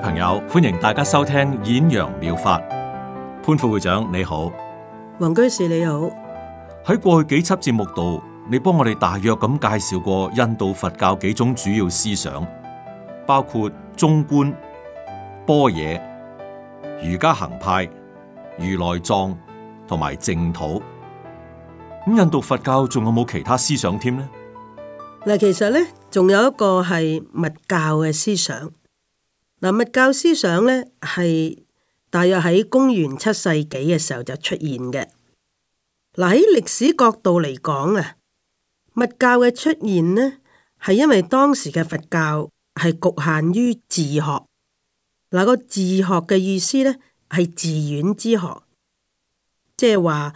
朋友，歡迎大家收聽《演揚妙，妙法》。潘副會長你好，黃居士你好。喺過去幾輯節目度，你幫我哋大約咁介紹過印度佛教幾種主要思想，包括中觀、般若、瑜伽行派、如來藏同埋淨土。咁印度佛教仲有冇其他思想添呢？嗱，其實咧，仲有一個係密教嘅思想。嗱，密教思想咧，係大約喺公元七世紀嘅時候就出現嘅。嗱，喺歷史角度嚟講啊，密教嘅出現呢，係因為當時嘅佛教係局限於寺學。嗱，個寺學嘅意思咧係寺院之學，即係話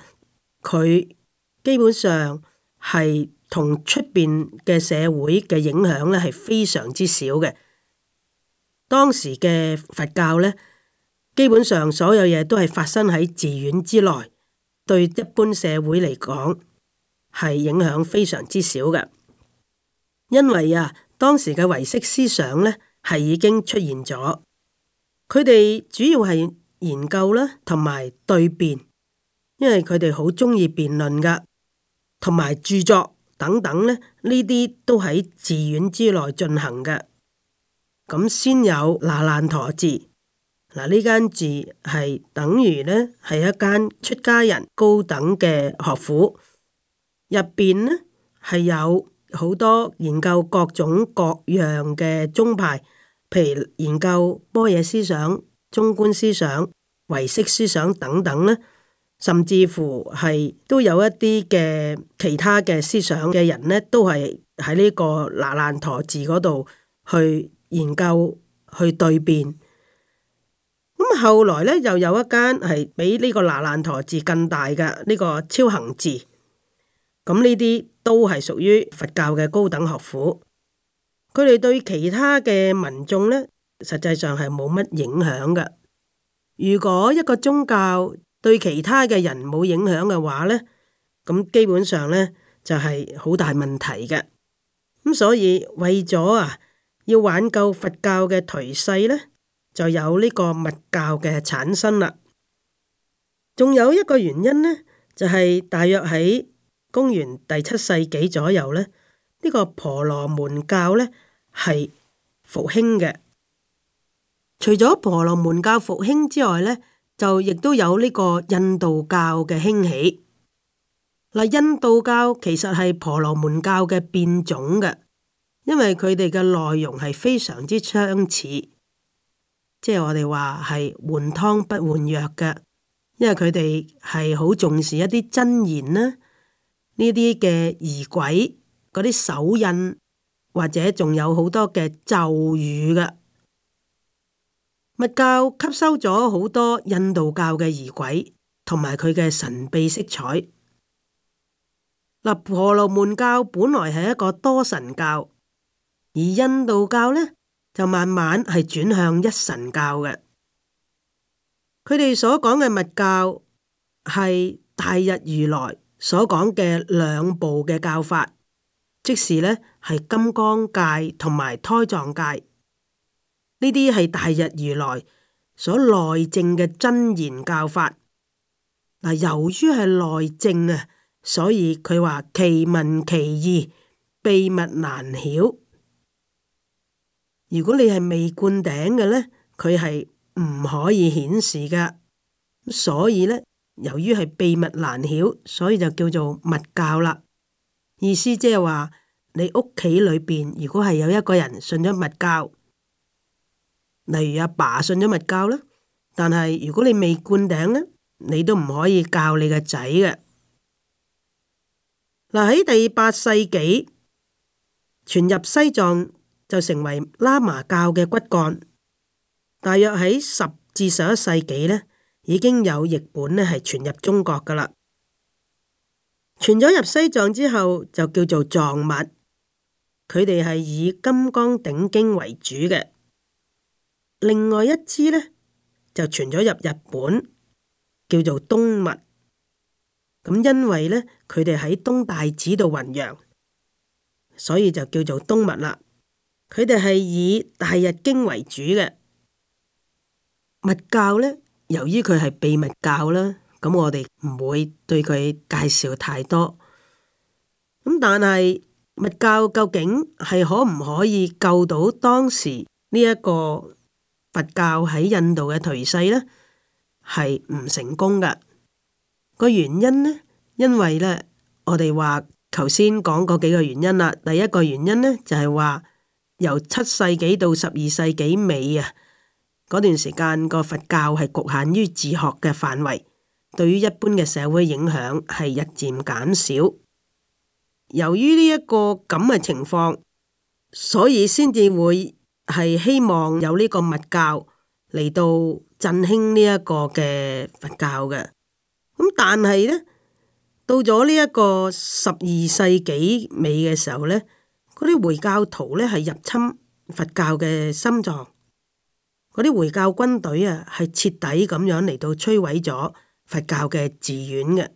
佢基本上係同出邊嘅社會嘅影響咧係非常之少嘅。當時嘅佛教呢，基本上所有嘢都係發生喺寺院之內，對一般社會嚟講係影響非常之少嘅。因為啊，當時嘅唯識思想呢係已經出現咗，佢哋主要係研究啦，同埋對辯，因為佢哋好鍾意辯論噶，同埋著作等等呢，呢啲都喺寺院之內進行嘅。咁先有那爛陀寺。嗱，呢間寺係等於呢，係一間出家人高等嘅學府，入邊呢，係有好多研究各種各樣嘅宗派，譬如研究般若思想、中觀思想、唯識思想等等呢，甚至乎係都有一啲嘅其他嘅思想嘅人呢都係喺呢個那爛陀寺嗰度去。研究去對辯，咁後來咧又有一間係比呢個拿蘭陀寺更大嘅呢個超行寺，咁呢啲都係屬於佛教嘅高等學府，佢哋對其他嘅民眾咧，實際上係冇乜影響嘅。如果一個宗教對其他嘅人冇影響嘅話咧，咁基本上咧就係好大問題嘅。咁所以為咗啊～要挽救佛教嘅頹勢呢，就有呢個密教嘅產生啦。仲有一個原因呢，就係大約喺公元第七世紀左右呢，呢個婆羅門教呢係復興嘅。除咗婆羅門教復興之外呢，就亦都有呢個印度教嘅興起。嗱，印度教其實係婆羅門教嘅變種嘅。因為佢哋嘅內容係非常之相似，即係我哋話係換湯不換藥嘅。因為佢哋係好重視一啲真言啦，呢啲嘅儀軌、嗰啲手印，或者仲有好多嘅咒語噶。密教吸收咗好多印度教嘅儀軌同埋佢嘅神秘色彩。嗱，婆羅門教本來係一個多神教。而印度教呢就慢慢係轉向一神教嘅。佢哋所講嘅密教係大日如來所講嘅兩部嘅教法，即是呢係金剛界同埋胎藏界呢啲係大日如來所內證嘅真言教法嗱。由於係內證啊，所以佢話其文其義，秘密難曉。如果你係未灌頂嘅呢，佢係唔可以顯示㗎。所以呢，由於係秘密難曉，所以就叫做密教啦。意思即係話，你屋企裏邊如果係有一個人信咗密教，例如阿爸信咗密教啦，但係如果你未灌頂呢，你都唔可以教你個仔嘅。嗱，喺第八世紀傳入西藏，就成為喇嘛教嘅骨幹，大約喺十至十一世紀呢，已經有譯本咧係傳入中國噶啦。傳咗入西藏之後，就叫做藏密。佢哋係以《金剛頂經》為主嘅。另外一支呢，就傳咗入日本，叫做東密。咁因為呢，佢哋喺東大寺度弘揚，所以就叫做東密啦。佢哋係以大日經為主嘅，密教呢。由於佢係秘密教啦，咁我哋唔會對佢介紹太多。咁但係密教究竟係可唔可以救到當時呢一個佛教喺印度嘅頹勢呢？係唔成功噶。個原因呢，因為呢，我哋話頭先講過幾個原因啦。第一個原因呢，就係、是、話。由七世紀到十二世紀尾啊，嗰段時間個佛教係局限於自學嘅範圍，對於一般嘅社會影響係日漸減少。由於呢一個咁嘅情況，所以先至會係希望有呢個密教嚟到振興呢一個嘅佛教嘅。咁但係呢，到咗呢一個十二世紀尾嘅時候呢。嗰啲回教徒呢係入侵佛教嘅心臟，嗰啲回教軍隊啊係徹底咁樣嚟到摧毀咗佛教嘅寺院嘅。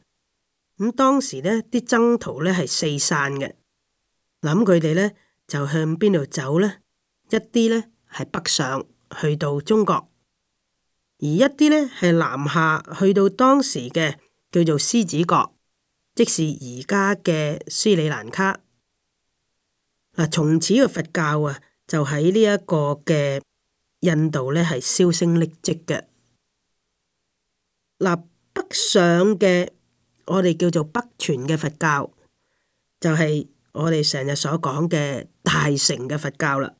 咁當時呢啲僧徒呢係四散嘅，諗佢哋呢就向邊度走呢？一啲呢係北上去到中國，而一啲呢係南下去到當時嘅叫做獅子國，即是而家嘅斯里蘭卡。嗱，從此個佛教啊，就喺呢一個嘅印度咧，係銷聲匿跡嘅。嗱，北上嘅，我哋叫做北傳嘅佛教，就係我哋成日所講嘅大乘嘅佛教啦。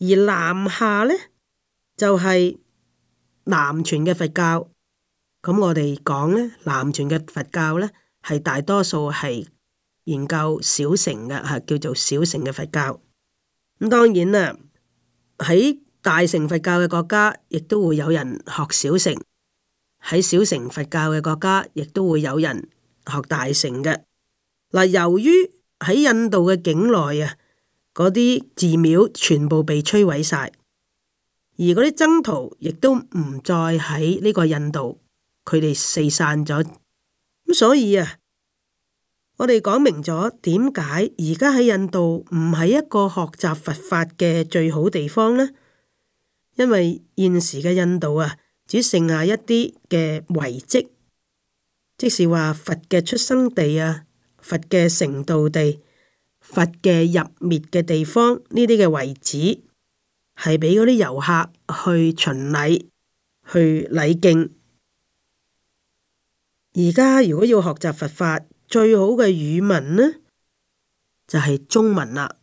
而南下咧，就係南傳嘅佛教。咁我哋講咧，南傳嘅佛教咧，係大多數係。研究小乘嘅吓，叫做小乘嘅佛教。咁當然啦，喺大乘佛教嘅國家，亦都會有人學小乘；喺小乘佛教嘅國家，亦都會有人學大乘嘅。嗱，由於喺印度嘅境內啊，嗰啲寺廟全部被摧毀晒，而嗰啲僧徒亦都唔再喺呢個印度，佢哋四散咗。咁所以啊。我哋講明咗點解而家喺印度唔係一個學習佛法嘅最好地方呢？因為現時嘅印度啊，只剩下一啲嘅遺跡，即是話佛嘅出生地啊，佛嘅成道地，佛嘅入滅嘅地方，呢啲嘅遺址，係俾嗰啲遊客去巡禮、去禮敬。而家如果要學習佛法，最好嘅語文呢，就係中文啦。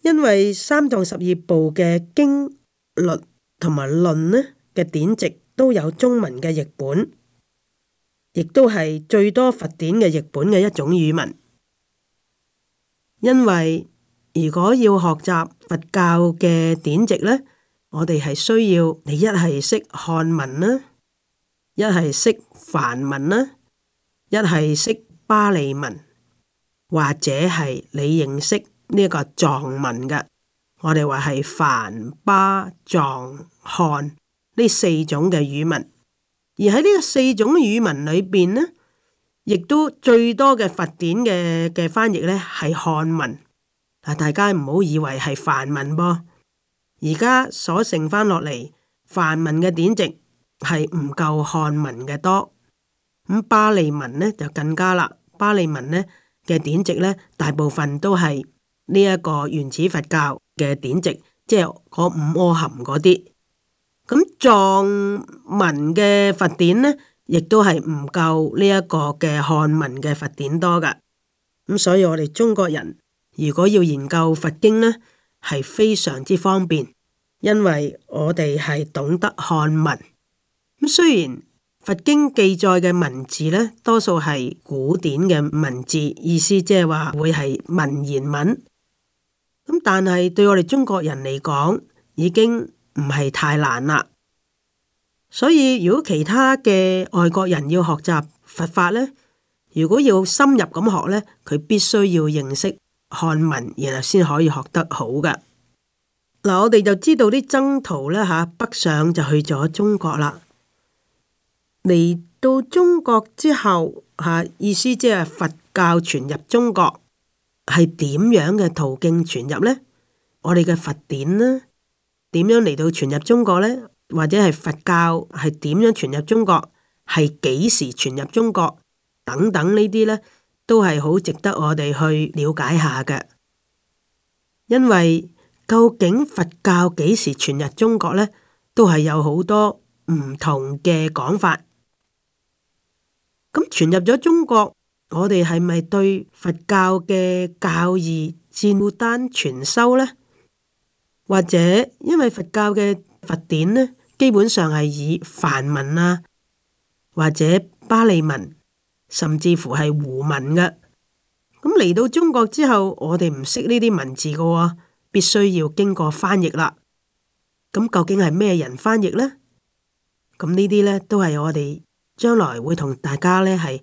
因為三藏十二部嘅經律同埋論呢嘅典籍都有中文嘅譯本，亦都係最多佛典嘅譯本嘅一種語文。因為如果要學習佛教嘅典籍呢，我哋係需要你一係識漢文啦，一係識梵文啦。一係識巴利文，或者係你認識呢一個藏文嘅，我哋話係梵巴藏漢呢四種嘅語文。而喺呢四種語文裏邊呢，亦都最多嘅佛典嘅嘅翻譯呢係漢文。嗱，大家唔好以為係梵文噃，而家所剩翻落嚟梵文嘅典籍係唔夠漢文嘅多。咁巴利文呢就更加啦，巴利文呢嘅典籍呢，大部分都係呢一個原始佛教嘅典籍，即係嗰五阿含嗰啲。咁藏文嘅佛典呢，亦都係唔夠呢一個嘅漢文嘅佛典多㗎。咁所以我哋中國人如果要研究佛經呢，係非常之方便，因為我哋係懂得漢文。咁雖然。佛經記載嘅文字咧，多數係古典嘅文字，意思即係話會係文言文。咁但係對我哋中國人嚟講，已經唔係太難啦。所以如果其他嘅外國人要學習佛法咧，如果要深入咁學咧，佢必須要認識漢文，然後先可以學得好㗎。嗱、嗯，我哋就知道啲僧徒咧吓，北上就去咗中國啦。嚟到中國之後，吓、啊、意思即係佛教傳入中國係點樣嘅途徑傳入呢？我哋嘅佛典呢？點樣嚟到傳入中國呢？或者係佛教係點樣傳入中國？係幾時傳入中國？等等呢啲呢，都係好值得我哋去了解下嘅，因為究竟佛教幾時傳入中國呢，都係有好多唔同嘅講法。咁傳入咗中國，我哋係咪對佛教嘅教義照單全收呢？或者因為佛教嘅佛典呢，基本上係以梵文啊，或者巴利文，甚至乎係胡文嘅。咁、嗯、嚟到中國之後，我哋唔識呢啲文字嘅，必須要經過翻譯啦。咁、嗯、究竟係咩人翻譯呢？咁呢啲呢，都係我哋。將來會同大家呢係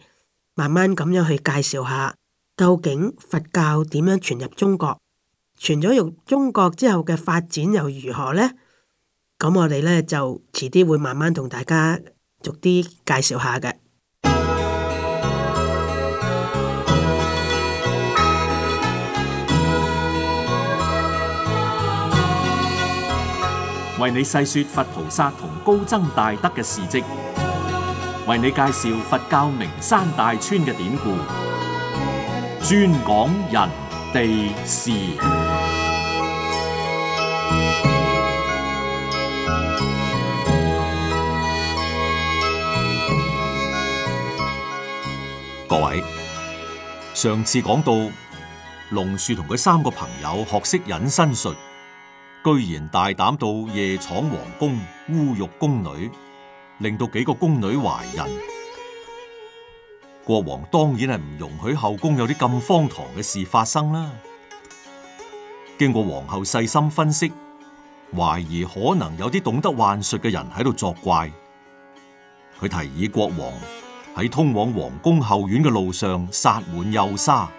慢慢咁樣去介紹下，究竟佛教點樣傳入中國？傳咗入中國之後嘅發展又如何呢？咁、嗯、我哋呢就遲啲會慢慢同大家逐啲介紹下嘅。為你細說佛菩薩同高僧大德嘅事跡。為你介紹佛教名山大川嘅典故，專講人地事。各位，上次講到龍樹同佢三個朋友學識隱身術，居然大膽到夜闖皇宮，侮辱宮女。令到幾個宮女懷孕，國王當然係唔容許後宮有啲咁荒唐嘅事發生啦。經過皇后細心分析，懷疑可能有啲懂得幻術嘅人喺度作怪。佢提議國王喺通往皇宮後院嘅路上撒滿幼沙，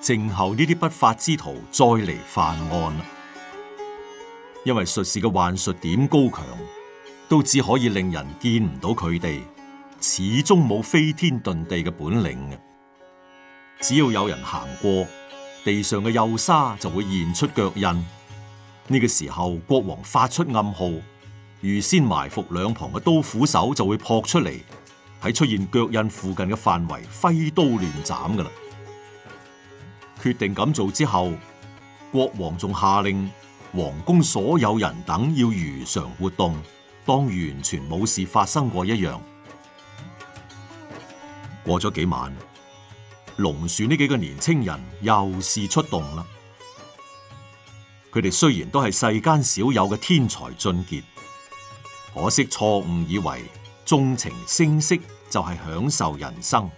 靜候呢啲不法之徒再嚟犯案，因為術士嘅幻術點高強，都只可以令人見唔到佢哋，始終冇飛天遁地嘅本領。只要有人行過地上嘅幼沙，就會現出腳印。呢個時候，國王發出暗號，預先埋伏兩旁嘅刀斧手就會撲出嚟，喺出現腳印附近嘅範圍揮刀亂斬噶啦。決定咁做之後，國王仲下令，皇宮所有人等要如常活動。當完全冇事發生過一樣。過咗幾晚，龍樹呢幾個年青人又是出動啦。佢哋雖然都係世間少有嘅天才俊傑，可惜錯誤以為縱情聲色就係享受人生，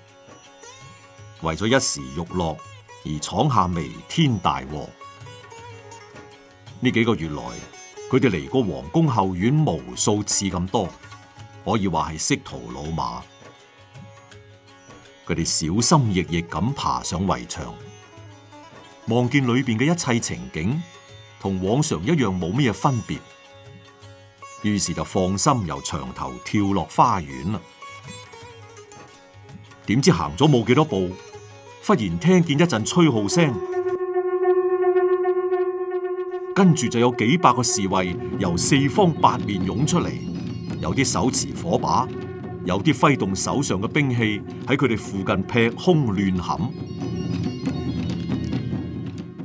為咗一時欲樂而闖下彌天大禍。呢幾個月來，佢哋嚟過皇宮後院無數次咁多，可以話係識途老馬。佢哋小心翼翼咁爬上圍牆，望見裏邊嘅一切情景同往常一樣冇乜嘢分別，於是就放心由牆頭跳落花園啦。點知行咗冇幾多步，忽然聽見一陣吹號聲。跟住就有幾百個侍衛由四方八面湧出嚟，有啲手持火把，有啲揮動手上嘅兵器喺佢哋附近劈空亂砍，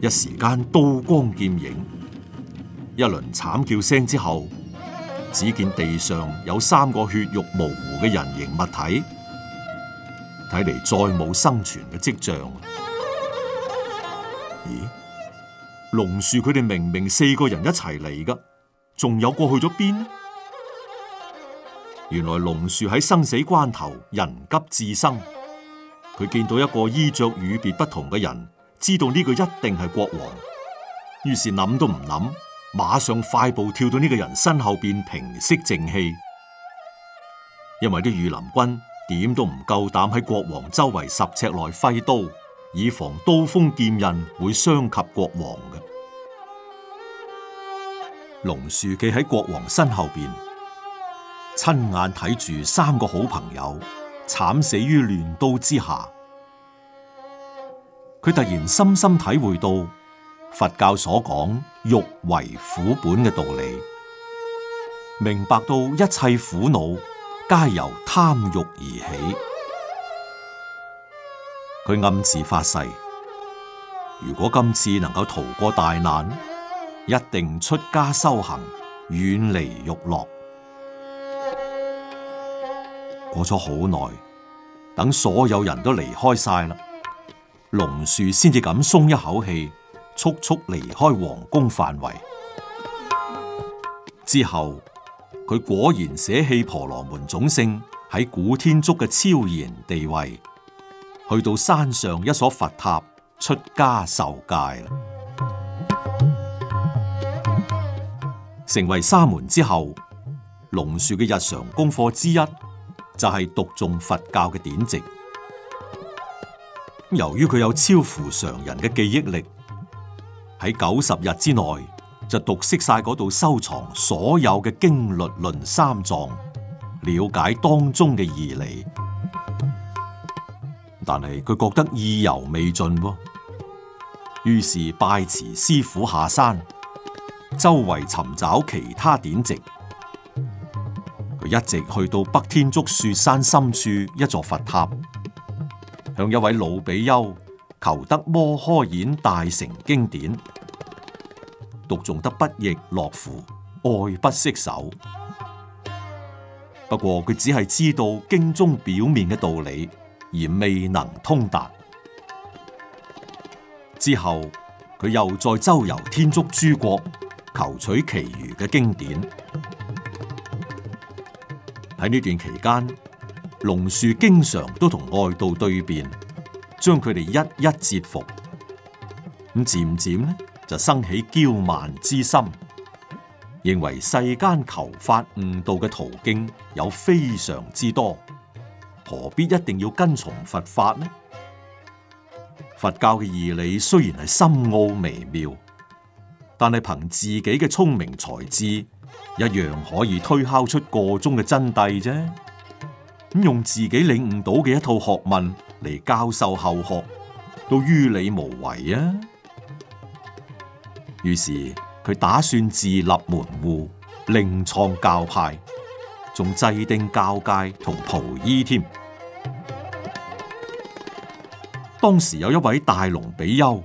一時間刀光劍影，一輪慘叫聲之後，只見地上有三個血肉模糊嘅人形物體，睇嚟再冇生存嘅跡象。咦？龍樹佢哋明明四個人一齊嚟噶，仲有過去咗邊？原來龍樹喺生死關頭，人急自生，佢見到一個衣着與別不同嘅人，知道呢個一定係國王，於是諗都唔諗，馬上快步跳到呢個人身後邊，平息靜氣。因為啲御林軍點都唔夠膽喺國王周圍十尺內揮刀。以防刀鋒劍刃會傷及國王嘅。龍樹企喺國王身後邊，親眼睇住三個好朋友慘死於亂刀之下。佢突然深深體會到佛教所講欲為苦本嘅道理，明白到一切苦惱皆由貪慾而起。佢暗自發誓：如果今次能夠逃過大難，一定出家修行，遠離欲樂。過咗好耐，等所有人都離開晒啦，龍樹先至咁鬆一口氣，速速離開皇宮範圍。之後，佢果然捨棄婆羅門種姓喺古天竺嘅超然地位。去到山上一所佛塔出家受戒，成為沙門之後，龍樹嘅日常功課之一就係、是、讀誦佛教嘅典籍。由於佢有超乎常人嘅記憶力，喺九十日之內就讀識晒嗰度收藏所有嘅經律論三藏，了解當中嘅義理。但係佢覺得意猶未盡、哦，於是拜辭師傅下山，周圍尋找其他典籍。佢一直去到北天竺雪山深處一座佛塔，向一位老比丘求得摩訶衍大乘經典，讀誦得不亦樂乎，愛不釋手。不過佢只係知道經中表面嘅道理。而未能通達。之後佢又再周遊天竺諸國，求取其餘嘅經典。喺呢段期間，龍樹經常都同外道對辯，將佢哋一一折伏。咁漸漸呢，就生起驕慢之心，認為世間求法悟道嘅途徑有非常之多，何必一定要跟從佛法呢？佛教嘅義理雖然係深奧微妙，但係憑自己嘅聰明才智，一樣可以推敲出個中嘅真諦啫。咁用自己領悟到嘅一套學問嚟教授後學，都於理無違啊。於是佢打算自立門戶，另創教派，仲制定教戒同袍衣添。當時有一位大龍比丘，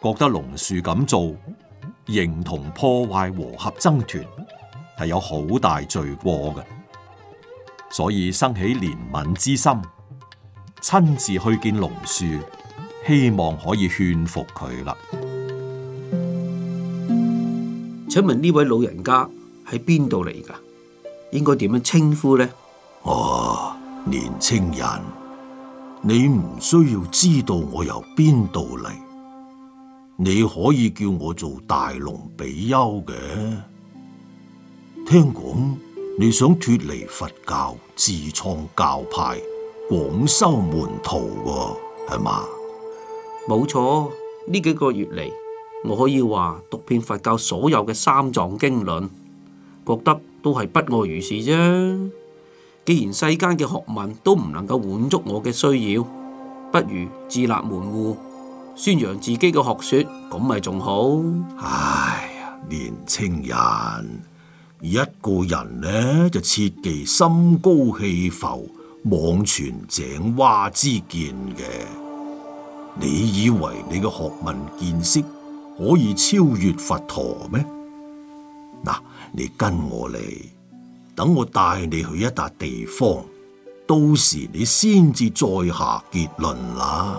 覺得龍樹咁做，形同破壞和合僧團，係有好大罪過嘅，所以生起憐憫之心，親自去見龍樹，希望可以勸服佢啦。請問呢位老人家喺邊度嚟噶？應該點樣稱呼呢？哦，年輕人。你唔需要知道我由邊度嚟，你可以叫我做大龍比丘嘅。聽講你想脫離佛教，自創教派，廣收門徒，係嘛？冇錯，呢幾個月嚟，我可以話讀遍佛教所有嘅三藏經論，覺得都係不外如是啫。既然世間嘅學問都唔能夠滿足我嘅需要，不如自立門戶，宣揚自己嘅學說，咁咪仲好？唉，年輕人，一個人呢就切忌心高氣浮，妄傳井蛙之見嘅。你以為你嘅學問見識可以超越佛陀咩？嗱，你跟我嚟。等我帶你去一笪地方，到時你先至再下結論啦。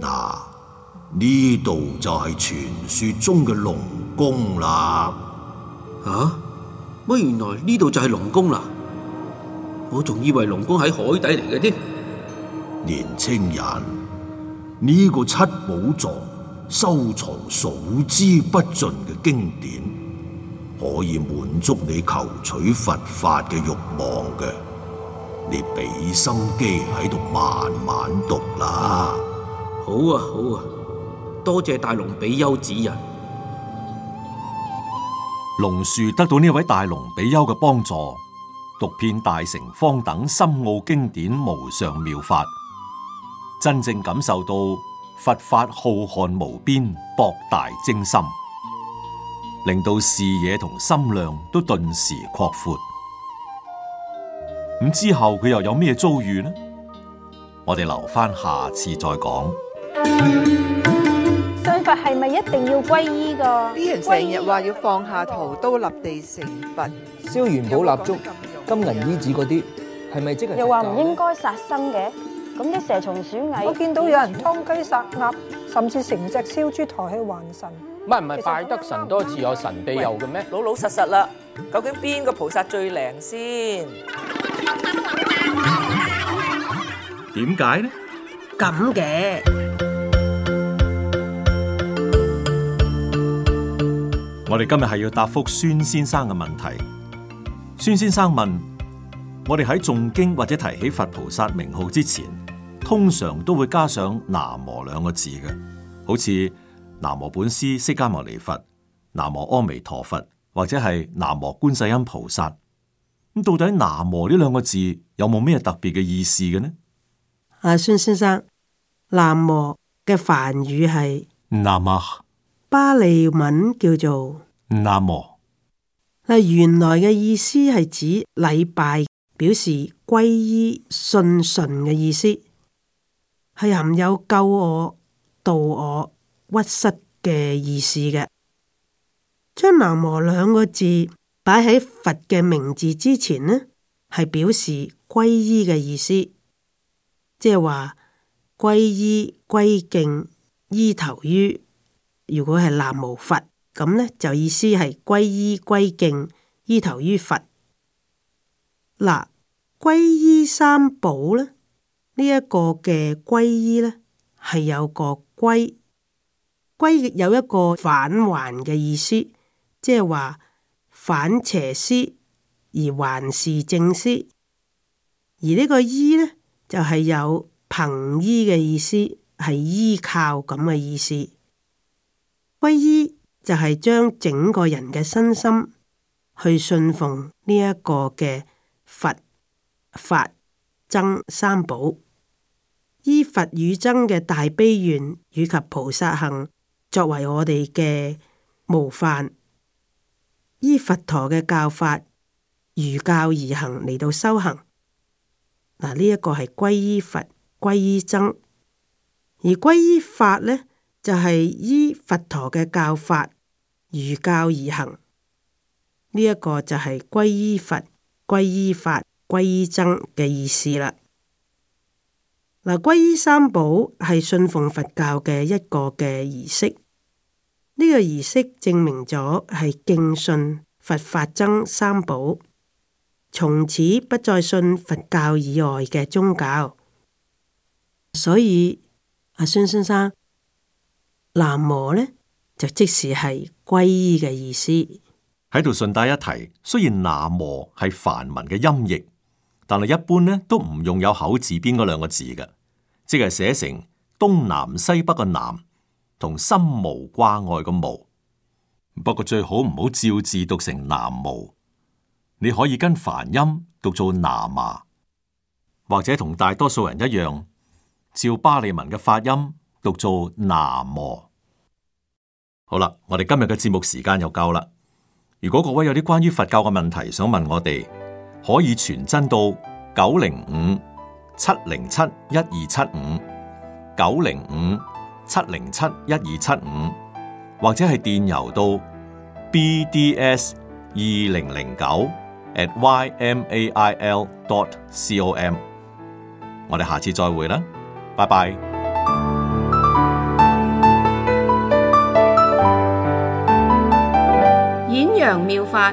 嗱，呢度就係傳說中嘅龍宮啦。吓？乜原來呢度就係龍宮啦？我仲以為龍宮喺海底嚟嘅添。年青人，呢、這個七寶藏。收藏數之不盡嘅經典，可以滿足你求取佛法嘅欲望嘅。你俾心機喺度慢慢讀啦。好啊，好啊，多謝大龍比丘指引。龍樹得到呢位大龍比丘嘅幫助，讀遍大乘方等深奧經典、無上妙法，真正感受到。佛法浩瀚無邊，博大精深，令到視野同心量都頓時擴闊，闊。咁之後佢又有咩遭遇呢？我哋留翻下，下次再講。信佛係咪一定要皈依噶？啲人成日話要放下屠刀立地成佛，燒醫元寶、蠟燭、金銀衣紙嗰啲，係咪、嗯、即係？又話唔應該殺生嘅？咁啲蛇蟲鼠蟻，我見到有人劏雞殺鴨，甚至成隻燒豬抬起還神。唔係唔係，拜得神多自有神庇佑嘅咩？老老實實啦，究竟邊個菩薩最靈先？點解呢？咁嘅，我哋今日係要答覆孫先生嘅問題。孫先生問。我哋喺誦經或者提起佛菩薩名號之前，通常都會加上南無兩個字嘅，好似南無本師釋迦牟尼佛、南無阿彌陀佛或者係南無觀世音菩薩。咁到底南無呢兩個字有冇咩特別嘅意思嘅呢？阿、啊、孫先生，南無嘅梵語係南無，巴利文叫做南無。嗱，原來嘅意思係指禮拜。表示皈依信順嘅意思，係含有救我、渡我、屈失嘅意思嘅。將南無兩個字擺喺佛嘅名字之前呢，係表示皈依嘅意思，即係話皈依、皈敬、依投於。如果係南無佛咁呢，就意思係皈依、皈敬、依投於佛。嗱，皈依三寶咧，這個、呢一個嘅皈依咧係有個歸，歸有一個反還嘅意思，即係話反邪思而還是正思，而呢個依咧就係、是、有憑依嘅意思，係依靠咁嘅意思。皈依就係將整個人嘅身心去信奉呢一個嘅法僧三寶，依佛與僧嘅大悲願以及菩薩行作為我哋嘅模範，依佛陀嘅教法如教而行嚟到修行。嗱，呢一個係歸依佛、歸依僧；而歸依法呢，就係、是、依佛陀嘅教法如教而行。呢、這、一個就係歸依佛、歸依法。歸依僧嘅意思啦，嗱，歸依三寶係信奉佛教嘅一個嘅儀式。呢個儀式證明咗係敬信佛法僧三寶，從此不再信佛教以外嘅宗教。所以阿孫先生，南無呢就即時係歸依嘅意思。喺度順帶一提，雖然南無係梵文嘅音譯。但係一般咧，都唔用有口字邊嗰兩個字嘅，即係寫成東南西北嘅南同心無掛礙嘅無。不過最好唔好照字讀成南無，你可以跟梵音讀做南嘛，或者同大多數人一樣，照巴利文嘅發音讀做南摩。好啦，我哋今日嘅節目時間又夠啦。如果各位有啲關於佛教嘅問題想問我哋。可以傳真到九零五七零七一二七五九零五七零七一二七五，75, 75，或者係電郵到 bds 二零零九 at ymail dot com。我哋下次再會啦，拜拜。演揚妙法。